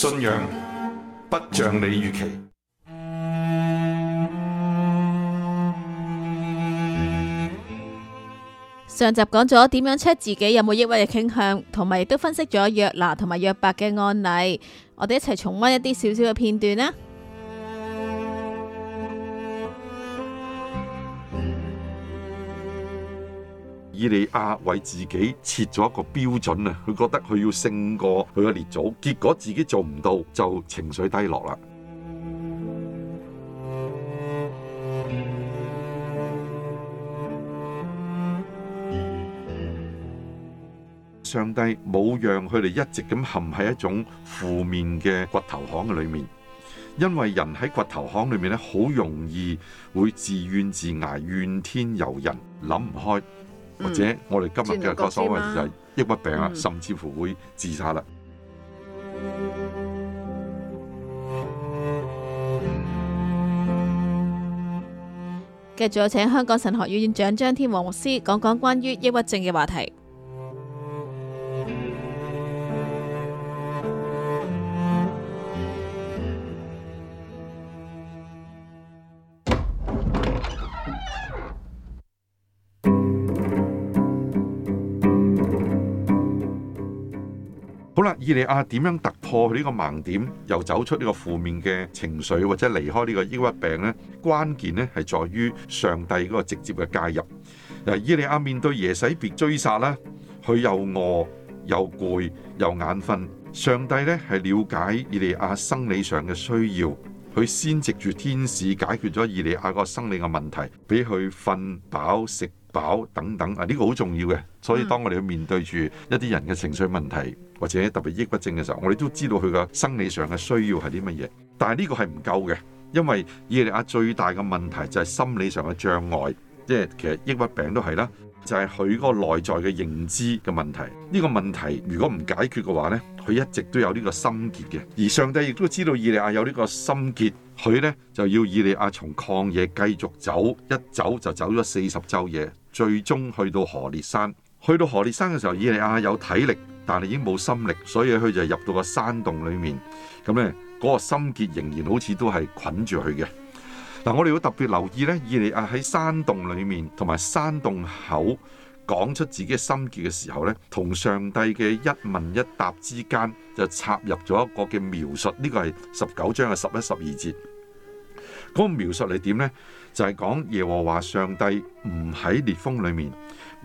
信仰不像你預期。上集講咗點樣 check 自己有冇抑鬱嘅傾向，同埋亦都分析咗約拿同埋約伯嘅案例。我哋一齊重溫一啲少少嘅片段啦。以利亞為自己設咗一個標準啊，佢覺得佢要勝過佢嘅列祖，結果自己做唔到，就情緒低落啦、嗯嗯。上帝冇讓佢哋一直咁陷喺一種負面嘅掘頭巷嘅裏面，因為人喺掘頭巷裏面咧，好容易會自怨自艾、怨天尤人、諗唔開。或者我哋今日嘅個所謂就係抑鬱病啊、嗯，甚至乎會自殺啦、啊。繼、嗯、續有請香港神學院院長張天王牧師講講關於抑鬱症嘅話題。伊以利亞點樣突破佢呢個盲點，又走出呢個負面嘅情緒，或者離開呢個抑鬱病呢？關鍵呢係在於上帝嗰個直接嘅介入。嗱，以利亞面對耶洗別追殺咧，佢又餓又攰又眼瞓，上帝呢係了解以利亞生理上嘅需要，佢先藉住，天使解決咗以利亞個生理嘅問題，俾佢瞓飽食飽等等啊，呢個好重要嘅，所以當我哋去面對住一啲人嘅情緒問題或者特別抑鬱症嘅時候，我哋都知道佢嘅生理上嘅需要係啲乜嘢，但係呢個係唔夠嘅，因為以利亞最大嘅問題就係心理上嘅障礙，即係其實抑鬱病都係啦，就係佢嗰個內在嘅認知嘅問題，呢個問題如果唔解決嘅話呢，佢一直都有呢個心結嘅，而上帝亦都知道以利亞有呢個心結。佢呢就要以利亞從曠野繼續走，一走就走咗四十晝夜，最終去到何烈山。去到何烈山嘅時候，以利亞有體力，但係已經冇心力，所以佢就入到個山洞裏面。咁呢、嗰個心結仍然好似都係捆住佢嘅。嗱，我哋要特別留意呢，以利亞喺山洞裏面同埋山洞口講出自己心結嘅時候呢，同上帝嘅一問一答之間就插入咗一個嘅描述。呢、呢個係十九章嘅十一、十二節。嗰，那個描述係點呢？就係、是、講耶和華上帝唔喺烈風裏面，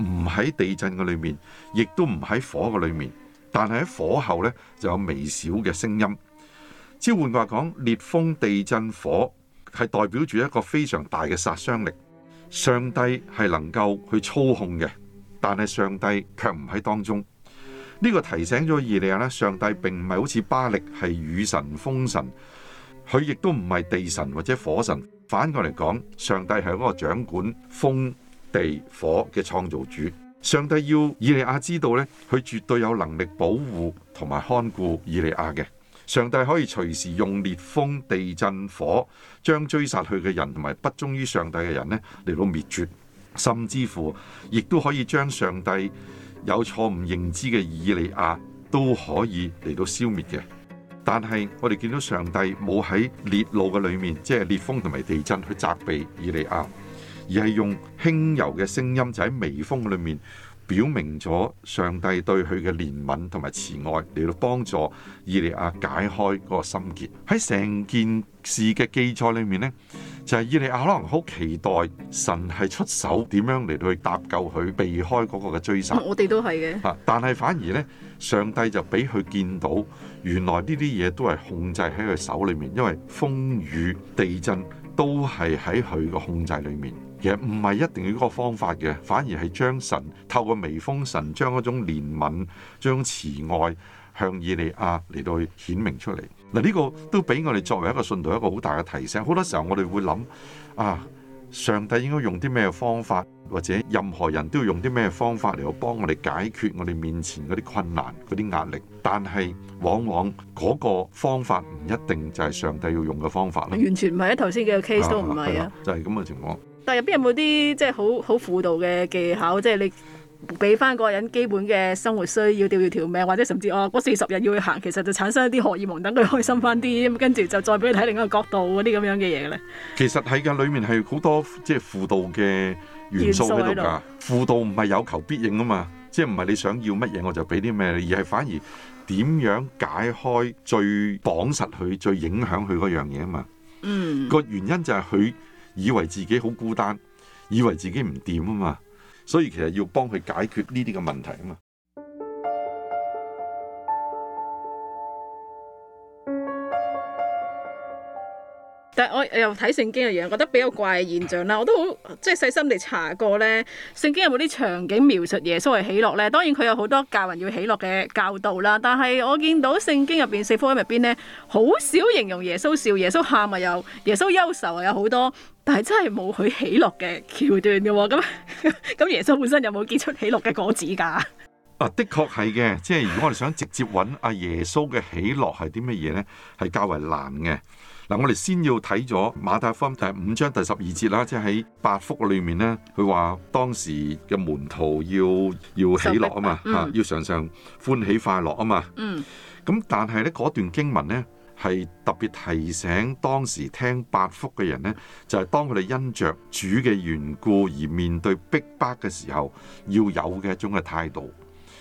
唔喺地震嘅裏面，亦都唔喺火嘅裏面。但係喺火後呢就有微小嘅聲音。即係換句話講，烈風、地震、火係代表住一個非常大嘅殺傷力。上帝係能夠去操控嘅，但係上帝卻唔喺當中。呢，這個提醒咗以利亞咧，上帝並唔係好似巴力係雨神、風神。佢亦都唔係地神或者火神，反過嚟講，上帝係嗰個掌管風、地、火嘅創造主。上帝要以利亞知道咧，佢絕對有能力保護同埋看顧以利亞嘅。上帝可以隨時用烈風、地震、火，將追殺佢嘅人同埋不忠於上帝嘅人咧嚟到滅絕，甚至乎亦都可以將上帝有錯誤認知嘅以利亞都可以嚟到消滅嘅。但係，我哋見到上帝冇喺裂路嘅裏面，即係裂風同埋地震去責備以利亞，而係用輕柔嘅聲音，就喺微風裏面。表明咗上帝對佢嘅憐憫同埋慈愛嚟到幫助伊利亞解開嗰個心結。喺成件事嘅記載裏面咧，就係伊利亞可能好期待神係出手，點樣嚟到去搭救佢，避開嗰個嘅追殺，我哋都係嘅。吓！但係反而咧，上帝就俾佢見到，原來呢啲嘢都係控制喺佢手裏面，因為風雨、地震都係喺佢嘅控制裏面。其實唔係一定要嗰個方法嘅，反而係將神透過微風神將嗰種憐憫、將慈愛向以利亞嚟到顯明出嚟。嗱、這、呢個都俾我哋作為一個信徒一個好大嘅提升。好多時候我哋會諗啊，上帝應該用啲咩方法，或者任何人都要用啲咩方法嚟到幫我哋解決我哋面前嗰啲困難、嗰啲壓力。但係往往嗰個方法唔一定就係上帝要用嘅方法啦。完全唔係啊！頭先嘅 case 都唔係啊，啊，就係咁嘅情況。但入邊有冇啲即係好好輔導嘅技巧？即係你俾翻個人基本嘅生活需要，要吊住條命，或者甚至哦嗰四十日要去行，其實就產生一啲荷爾蒙，等佢開心翻啲。咁跟住就再俾佢睇另一個角度嗰啲咁樣嘅嘢咧。其實係噶，裏面係好多即係輔導嘅元素喺度噶。輔導唔係有求必應啊嘛，即係唔係你想要乜嘢我就俾啲咩，而係反而點樣解開最綁實佢、最影響佢嗰樣嘢啊嘛。嗯，個原因就係佢。以為自己好孤單，以為自己唔掂啊嘛，所以其實要幫佢解決呢啲嘅問題啊嘛。但我又睇聖經嘅嘢，覺得比較怪嘅現象啦。我都好即係細心地查過咧，聖經有冇啲場景描述耶穌係喜樂咧？當然佢有好多教人要喜樂嘅教導啦。但係我見到聖經入邊四福音入邊咧，好少形容耶穌笑，耶穌喊啊，有耶穌憂愁啊，有好多。但係真係冇佢喜樂嘅橋段嘅。咁，咁耶穌本身有冇結出喜樂嘅果子噶？啊，的確係嘅。即係如果我哋想直接搵阿耶穌嘅喜樂係啲乜嘢咧，係較為難嘅。嗱、啊，我哋先要睇咗馬太福音第五章第十二節啦，即係喺八福裏面咧，佢話當時嘅門徒要要喜樂啊嘛吓、嗯，要常常歡喜快樂啊嘛。咁、嗯、但係咧，嗰段經文咧係特別提醒當時聽八福嘅人咧，就係、是、當佢哋因着主嘅緣故而面對逼迫嘅時候要有嘅一種嘅態度。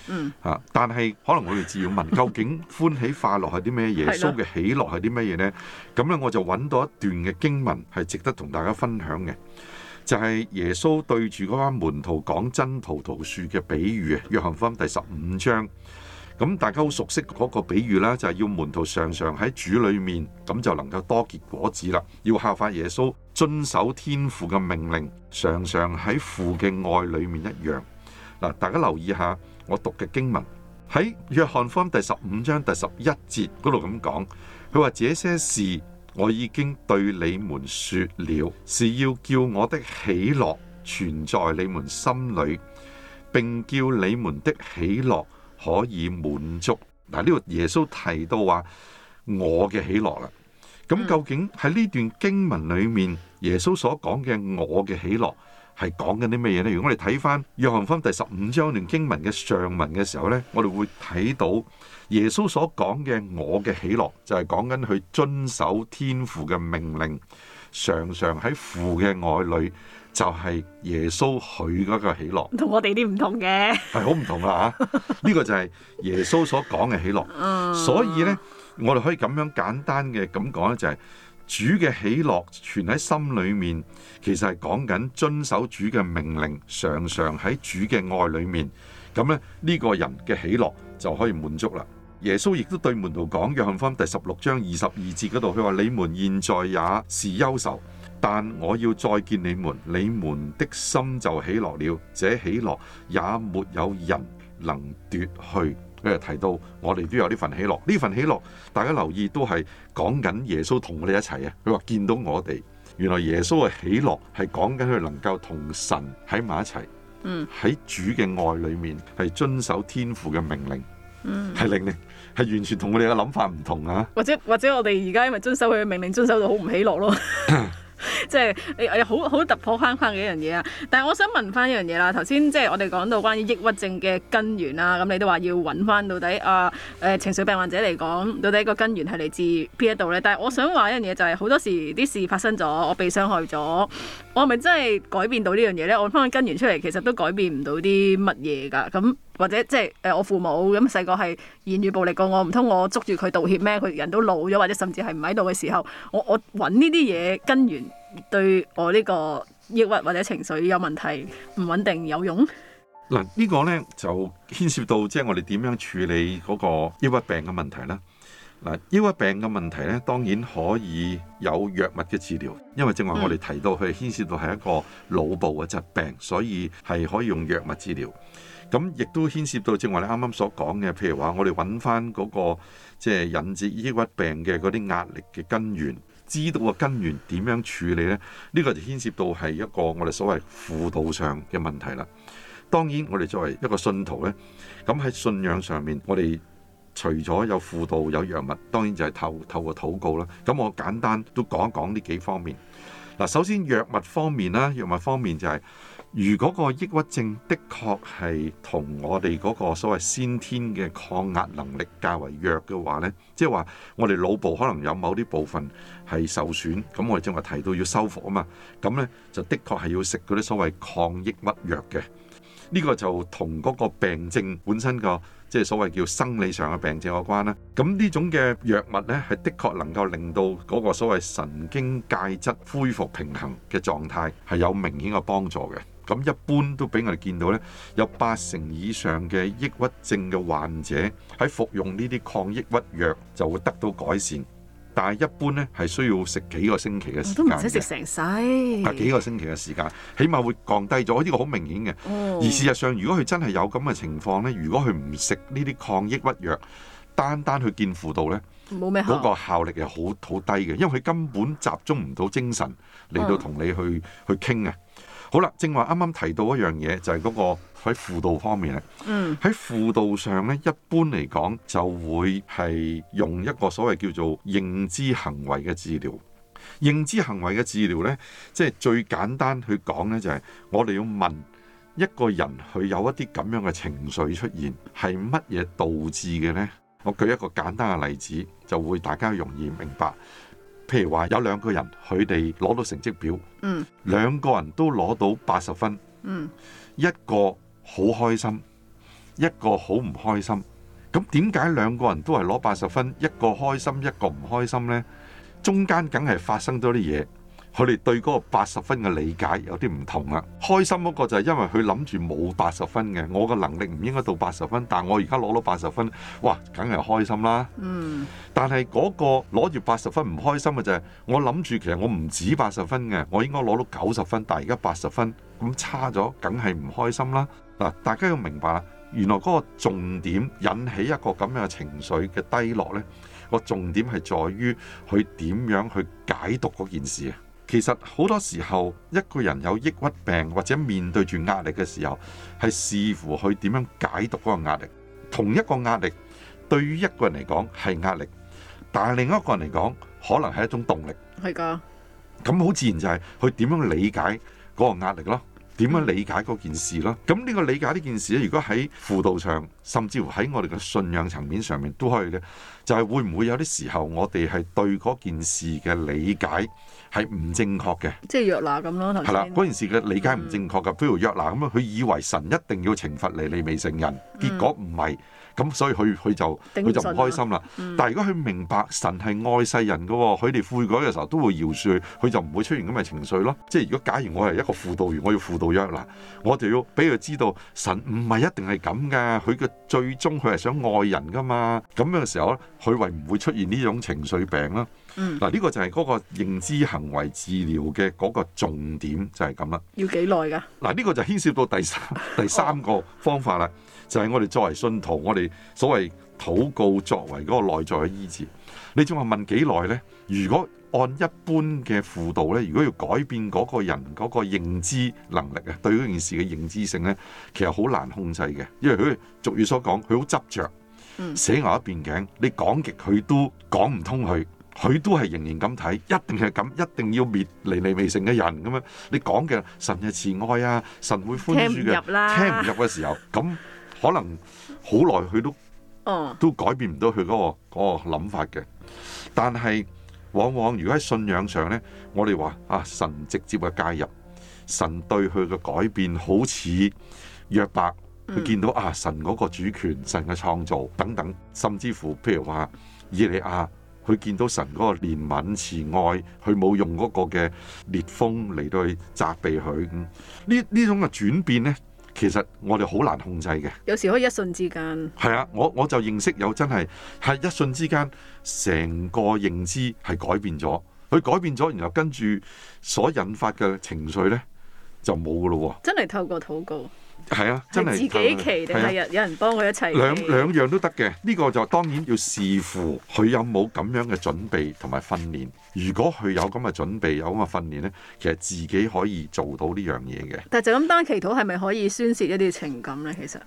嗯，但係可能我哋自要問究竟歡喜快樂係啲咩？耶穌嘅喜樂係啲咩嘢呢？咁咧我就搵到一段嘅經文係值得同大家分享嘅，就係、是、耶穌對住嗰班門徒講真葡萄樹嘅比喻啊，約翰福音第十五章。咁大家好熟悉嗰個比喻啦，就係、是、要門徒常常喺主裏面，咁就能夠多結果子啦。要效法耶穌，遵守天父嘅命令，常常喺父嘅愛裏面一樣。嗱，大家留意下。我讀嘅經文喺約翰福音第十五章第十一節，嗰度咁講，佢話，這些事我已經對你們說了，是要叫我的喜樂存在你們心裏，並叫你們的喜樂可以滿足。嗱，呢度，耶穌提到話我嘅喜樂啦，咁究竟喺呢段經文裏面，耶穌所講嘅我嘅喜樂？係講緊啲咩嘢咧？如果我哋睇翻約翰福音第十五章段經文嘅上文嘅時候咧，我哋會睇到耶穌所講嘅我嘅喜樂，就係講緊佢遵守天父嘅命令，常常喺父嘅愛裏，就係、是、耶穌許嗰個喜樂。唔同我哋啲唔同嘅，係好唔同啊！嚇，呢個就係耶穌所講嘅喜樂。嗯、所以咧，我哋可以咁樣簡單嘅咁講咧，就係。主嘅喜樂存喺心裏面，其實係講緊遵守主嘅命令，常常喺主嘅愛裏面，咁咧呢個人嘅喜樂就可以滿足啦。耶穌亦都對門徒講，約翰福音第十六章二十二節嗰度，佢話：你們現在也是憂愁，但我要再見你們，你們的心就喜樂了，這喜樂也沒有人能奪去。佢又提到，我哋都有呢份喜樂，呢份喜樂大家留意都係講緊耶穌同我哋一齊啊！佢話見到我哋，原來耶穌嘅喜樂係講緊佢能夠同神喺埋一齊，喺、嗯、主嘅愛裏面係遵守天父嘅命令，係命令係完全同我哋嘅諗法唔同啊！或者或者我哋而家因為遵守佢嘅命令，遵守到好唔喜樂咯。 即係你，我好好突破框框嘅一樣嘢啊！但係我想問翻一樣嘢啦，頭先即係我哋講到關於抑鬱症嘅根源啦，咁你都話要搵翻到底啊，誒、呃呃、情緒病患者嚟講，到底個根源係嚟自邊一度咧？但係我想話一樣嘢就係，好多時啲事發生咗，我被傷害咗，我係咪真係改變到呢樣嘢咧？我搵翻根源出嚟，其實都改變唔到啲乜嘢噶咁。或者即係誒，我父母咁細個係言語暴力過我，唔通我捉住佢道歉咩？佢人都老咗，或者甚至係唔喺度嘅時候，我我揾呢啲嘢根源對我呢個抑鬱或者情緒有問題唔穩定有用？嗱，呢個呢就牽涉到即係、就是、我哋點樣處理嗰個抑鬱病嘅問題啦。嗱，抑鬱病嘅問題呢，當然可以有藥物嘅治療，因為正話我哋提到佢牽、嗯、涉到係一個腦部嘅疾病，所以係可以用藥物治療。咁亦都牽涉到，正話你啱啱所講嘅，譬如話我哋揾翻嗰個即係引致抑鬱病嘅嗰啲壓力嘅根源，知道個根源點樣處理呢？呢個就牽涉到係一個我哋所謂輔導上嘅問題啦。當然，我哋作為一個信徒呢，咁喺信仰上面，我哋除咗有輔導、有藥物，當然就係透透過禱告啦。咁我簡單都講一講呢幾方面。嗱，首先藥物方面啦，藥物方面就係。如果個抑鬱症的確係同我哋嗰個所謂先天嘅抗壓能力較為弱嘅話呢，即係話我哋腦部可能有某啲部分係受損，咁我哋即係話提到要修復啊嘛，咁呢就的確係要食嗰啲所謂抗抑鬱藥嘅。呢個就同嗰個病症本身個即係所謂叫生理上嘅病症有關啦。咁呢種嘅藥物呢，係的確能夠令到嗰個所謂神經介質恢復平衡嘅狀態係有明顯嘅幫助嘅。咁一般都俾我哋見到呢，有八成以上嘅抑鬱症嘅患者喺服用呢啲抗抑鬱藥就會得到改善，但係一般呢，係需要食幾個星期嘅時間嘅。都唔使食成世。幾個星期嘅時間，起碼會降低咗。呢個好明顯嘅。而事實上，如果佢真係有咁嘅情況呢，如果佢唔食呢啲抗抑鬱藥，單單去見輔導呢，冇嗰個效力係好好低嘅，因為佢根本集中唔到精神嚟到同你去去傾啊。好啦，正話啱啱提到一樣嘢，就係嗰個喺輔導方面啊。嗯。喺輔導上咧，一般嚟講就會係用一個所謂叫做認知行為嘅治療。認知行為嘅治療咧，即係最簡單去講咧，就係我哋要問一個人佢有一啲咁樣嘅情緒出現係乜嘢導致嘅呢？我舉一個簡單嘅例子，就會大家容易明白。譬如話有兩個人，佢哋攞到成績表，嗯，兩個人都攞到八十分，嗯，一個好開心，一個好唔開心。咁點解兩個人都係攞八十分，一個開心一個唔開心呢？中間梗係發生咗啲嘢。佢哋對嗰個八十分嘅理解有啲唔同啦。開心嗰個就係因為佢諗住冇八十分嘅，我嘅能力唔應該到八十分，但我而家攞到八十分，哇，梗係開心啦。嗯。但係嗰個攞住八十分唔開心嘅就係我諗住其實我唔止八十分嘅，我應該攞到九十分，但係而家八十分，咁差咗，梗係唔開心啦。嗱，大家要明白啦，原來嗰個重點引起一個咁樣嘅情緒嘅低落呢，個重點係在於佢點樣去解讀嗰件事啊。其實好多時候，一個人有抑鬱病或者面對住壓力嘅時候，係視乎佢點樣解讀嗰個壓力。同一個壓力對於一個人嚟講係壓力，但係另一個人嚟講可能係一種動力。係㗎。咁好自然就係去點樣理解嗰個壓力咯。點樣理解嗰件事咯。咁呢個理解呢件事咧，如果喺輔導上，甚至乎喺我哋嘅信仰層面上面都可以咧，就係會唔會有啲時候我哋係對嗰件事嘅理解係唔正確嘅，即係約拿咁咯，係啦。嗰件事嘅理解唔正確嘅，譬、嗯、如約拿咁啊，佢以為神一定要懲罰你，你未成人，結果唔係，咁、嗯、所以佢佢就佢就唔開心啦、嗯。但係如果佢明白神係愛世人嘅、哦，佢哋悔改嘅時候都會饒恕佢，佢就唔會出現咁嘅情緒咯。即係如果假如我係一個輔導員， 我要輔導約拿，我就要俾佢知道神唔係一定係咁㗎，佢嘅最終佢係想愛人㗎嘛。咁嘅時候，佢為唔會出現呢種情緒病啦。嗱、嗯、呢、這個就係嗰個認知行為治療嘅嗰個重點，就係咁啦。要幾耐㗎？嗱，呢個就牽涉到第三第三個方法啦、 哦，就係、是、我哋作為信徒，我哋所謂禱告作為嗰個內在嘅醫治。你仲話問幾耐咧？如果按一般嘅輔導咧，如果要改變嗰個人嗰個認知能力啊，對嗰件事嘅認知性咧，其實好難控制嘅，因為佢俗語所講，佢好執着，死、嗯、硬一邊頸，你講極佢都講唔通佢。佢都係仍然咁睇，一定係咁，一定要滅離離未成嘅人咁樣。你講嘅神嘅慈愛啊，神會寬恕嘅，聽唔入嘅時候，咁可能好耐佢都、哦，都改變唔到佢嗰個嗰個諗法嘅。但係往往如果喺信仰上呢，我哋話啊，神直接嘅介入，神對佢嘅改變好似約伯，佢見到、嗯、啊，神嗰個主權，神嘅創造等等，甚至乎譬如話以利亞。佢見到神嗰個憐憫慈愛，佢冇用嗰個嘅烈風嚟到去責備佢。呢呢種嘅轉變呢，其實我哋好難控制嘅。有時可以一瞬之間。係啊，我我就認識有真係係一瞬之間，成個認知係改變咗，佢改變咗，然後跟住所引發嘅情緒呢就冇噶咯喎。真係透過禱告。係啊，真係自己祈定係有人幫佢一齊，兩兩、啊、樣都得嘅。呢、這個就當然要視乎佢有冇咁樣嘅準備同埋訓練。如果佢有咁嘅準備，有咁嘅訓練呢，其實自己可以做到呢樣嘢嘅。但係就咁單祈禱係咪可以宣洩一啲情感呢？其、嗯、實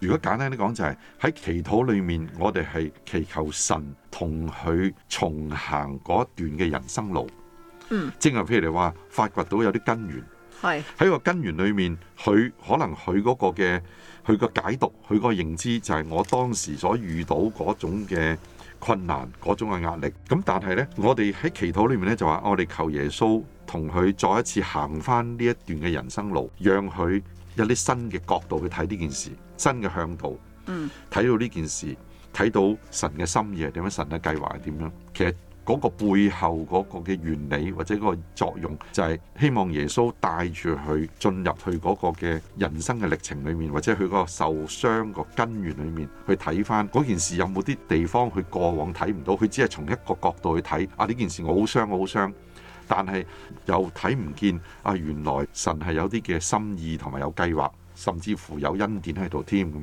如果簡單啲講就係、是、喺祈禱裏面，我哋係祈求神同佢重行嗰段嘅人生路。嗯，即係譬如嚟話發掘到有啲根源。係喺個根源裏面，佢可能佢嗰個嘅佢個解讀，佢個認知就係我當時所遇到嗰種嘅困難，嗰種嘅壓力。咁但係呢，我哋喺祈禱裏面呢，就話，我哋求耶穌同佢再一次行翻呢一段嘅人生路，讓佢有啲新嘅角度去睇呢件事，新嘅向導，嗯，睇到呢件事，睇到神嘅心意係點樣，神嘅計劃係點樣，其實。嗰個背後嗰個嘅原理或者嗰個作用，就係希望耶穌帶住佢進入去嗰個嘅人生嘅歷程裏面，或者佢個受傷個根源裏面去睇翻嗰件事，有冇啲地方佢過往睇唔到，佢只係從一個角度去睇啊！呢件事我好傷，我好傷，但係又睇唔見啊！原來神係有啲嘅心意同埋有計劃，甚至乎有恩典喺度添咁。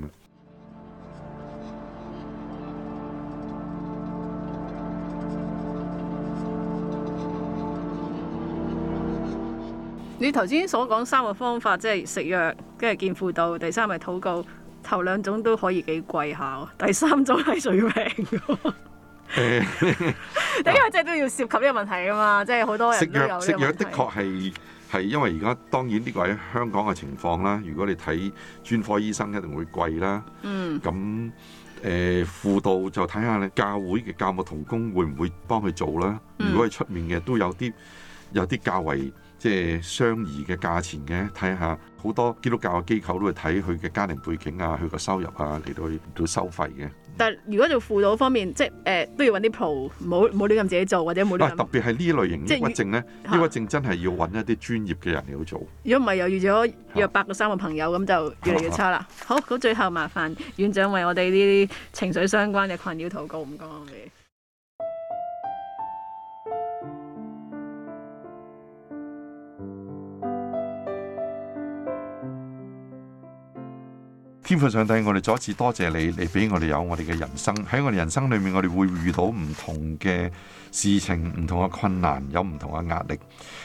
你頭先所講三個方法，即係食藥，跟住見輔導，第三咪禱告。頭兩種都可以幾貴下，第三種係最平。誒、欸，因為即係都要涉及一個問題噶嘛、啊，即係好多人食藥，食藥的確係係因為而家當然呢個喺香港嘅情況啦。如果你睇專科醫生，一定會貴啦。嗯，咁誒輔導就睇下你教會嘅教牧同工會唔會幫佢做啦。嗯、如果係出面嘅，都有啲有啲較為。即係相宜嘅價錢嘅，睇下好多基督教嘅機構都會睇佢嘅家庭背景啊，佢個收入啊，嚟到去到收費嘅。但係如果做輔導方面，即係誒、呃、都要揾啲 pro，冇冇亂咁自己做或者冇亂、啊。特別係呢類型抑鬱症咧，抑鬱、啊、症真係要揾一啲專業嘅人嚟到做。如果唔係又遇咗約八個三個朋友咁、啊、就越嚟越差啦、啊。好，咁最後麻煩院長為我哋呢啲情緒相關嘅困擾禱告唔該。天父上帝，我哋再一次多謝你，你俾我哋有我哋嘅人生。喺我哋人生裏面，我哋會遇到唔同嘅事情，唔同嘅困難，有唔同嘅壓力。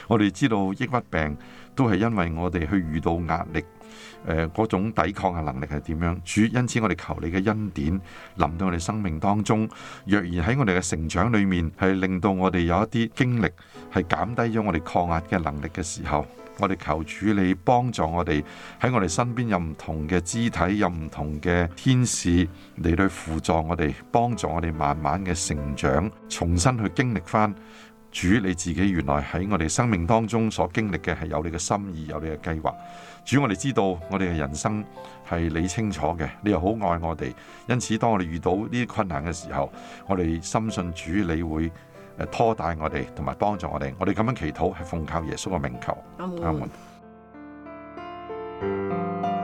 我哋知道抑鬱病都係因為我哋去遇到壓力。呃，嗰種抵抗嘅能力係點樣？主，因此我哋求你嘅恩典臨到我哋生命當中。若然喺我哋嘅成長裏面，係令到我哋有一啲經歷，係減低咗我哋抗壓嘅能力嘅時候，我哋求主你幫助我哋喺我哋身邊有唔同嘅肢體，有唔同嘅天使嚟去輔助我哋，幫助我哋慢慢嘅成長，重新去經歷翻主你自己原來喺我哋生命當中所經歷嘅，係有你嘅心意，有你嘅計劃。主，我哋知道我哋嘅人生係你清楚嘅，你又好愛我哋，因此當我哋遇到呢啲困難嘅時候，我哋深信主你會誒拖帶我哋，同埋幫助我哋。我哋咁樣祈禱，係奉靠耶穌嘅名求。阿門。嗯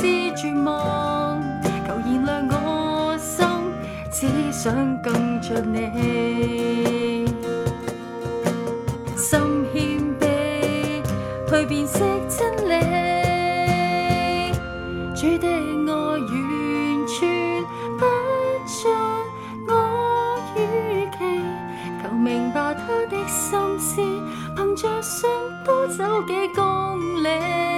試絕望，求燃亮我心，只想跟着你。心謙卑，去辨識真理。主的愛完全不像我預期，求明白他的心思，憑着信多走幾公里。